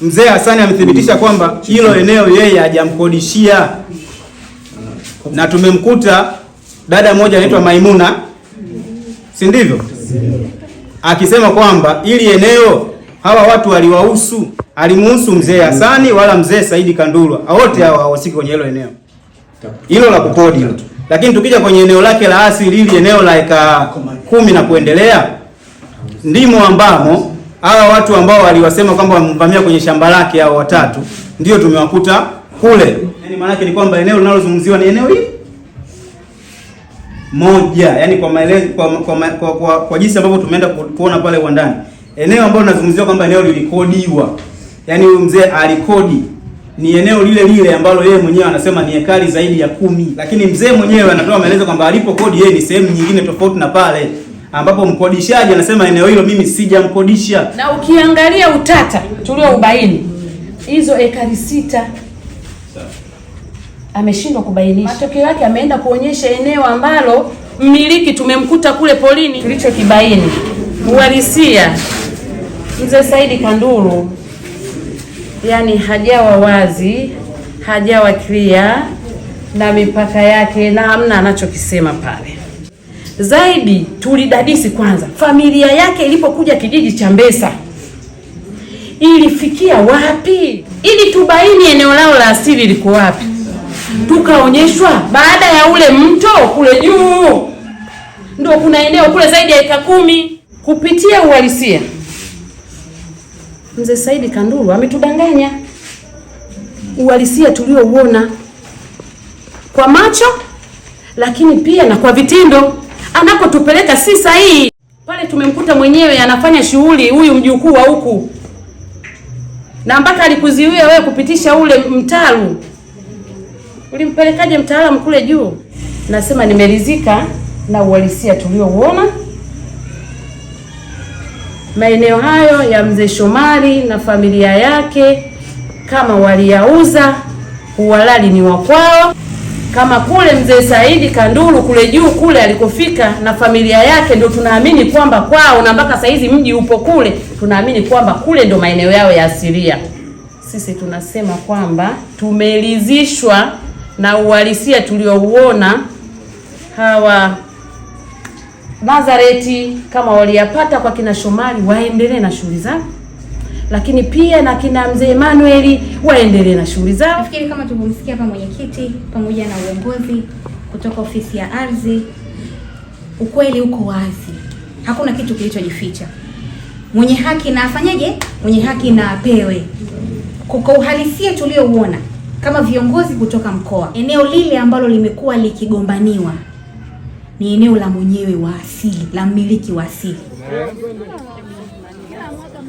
Mzee Hasani amethibitisha kwamba hilo eneo yeye hajamkodishia, na tumemkuta dada mmoja anaitwa Maimuna, si ndivyo? Akisema kwamba ili eneo hawa watu waliwahusu, alimuhusu mzee Hasani wala mzee Saidi Kandulwa, wote hawa hawahusiki kwenye hilo eneo, hilo la kukodi. Lakini tukija kwenye eneo lake la asili, ili eneo la eka kumi na kuendelea ndimo ambamo hawa watu ambao waliwasema kwamba wamvamia kwenye shamba lake hao watatu ndio tumewakuta kule. Yani maana yake ni kwamba eneo linalozungumziwa ni eneo hili moja, yani kwa maelezo, kwa kwa, kwa, kwa, kwa jinsi ambavyo tumeenda kuona pale uwandani, eneo ambalo linazungumziwa kwamba eneo lilikodiwa, yani huyu mzee alikodi ni eneo lile lile ambalo yeye mwenyewe anasema ni hekari zaidi ya kumi, lakini mzee mwenyewe anatoa maelezo kwamba alipokodi yeye ni sehemu nyingine tofauti na pale ambapo mkodishaji anasema eneo hilo mimi sijamkodisha. Na ukiangalia utata tulioubaini, hizo ekari sita ameshindwa kubainisha. Matokeo yake ameenda kuonyesha eneo ambalo mmiliki tumemkuta kule polini. kibaini uhalisia, mzee Saidi Kanduru yani hajawa wazi, hajawa clear na mipaka yake, na hamna anachokisema pale. Zaidi tulidadisi kwanza, familia yake ilipokuja kijiji cha Mbesa ilifikia wapi, ili tubaini eneo lao la asili liko wapi. Tukaonyeshwa baada ya ule mto kule juu, ndio kuna eneo kule zaidi ya eka kumi. Kupitia uhalisia, mzee Saidi Kanduru ametudanganya. Uhalisia tuliouona kwa macho, lakini pia na kwa vitindo anakotupeleka si sahihi. Pale tumemkuta mwenyewe anafanya shughuli huyu mjukuu wa huku, na mpaka alikuziwia wewe kupitisha ule mtaru. Ulimpelekaje mtaalamu kule juu? Nasema nimeridhika na uhalisia tuliouona maeneo hayo ya mzee Shomari na familia yake, kama waliyauza uhalali ni wa kwao kama kule mzee Saidi Kanduru kule juu kule alikofika na familia yake, ndio tunaamini kwamba kwao na mpaka saizi mji upo kule, tunaamini kwamba kule ndio maeneo yao ya asilia. Sisi tunasema kwamba tumeridhishwa na uhalisia tuliouona hawa Nazareti kama waliyapata kwa kina Shomari, waendelee na shughuli zao lakini pia na kina mzee Emmanuel waendelee na shughuli zao. Nafikiri kama tulivyomsikia hapa mwenyekiti pamoja na uongozi kutoka ofisi ya ardhi, ukweli uko wazi, hakuna kitu kilichojificha. Mwenye haki na afanyeje? Mwenye haki na apewe. Kwa uhalisia tuliouona kama viongozi kutoka mkoa, eneo lile ambalo limekuwa likigombaniwa ni eneo la mwenyewe wa asili, la mmiliki wa asili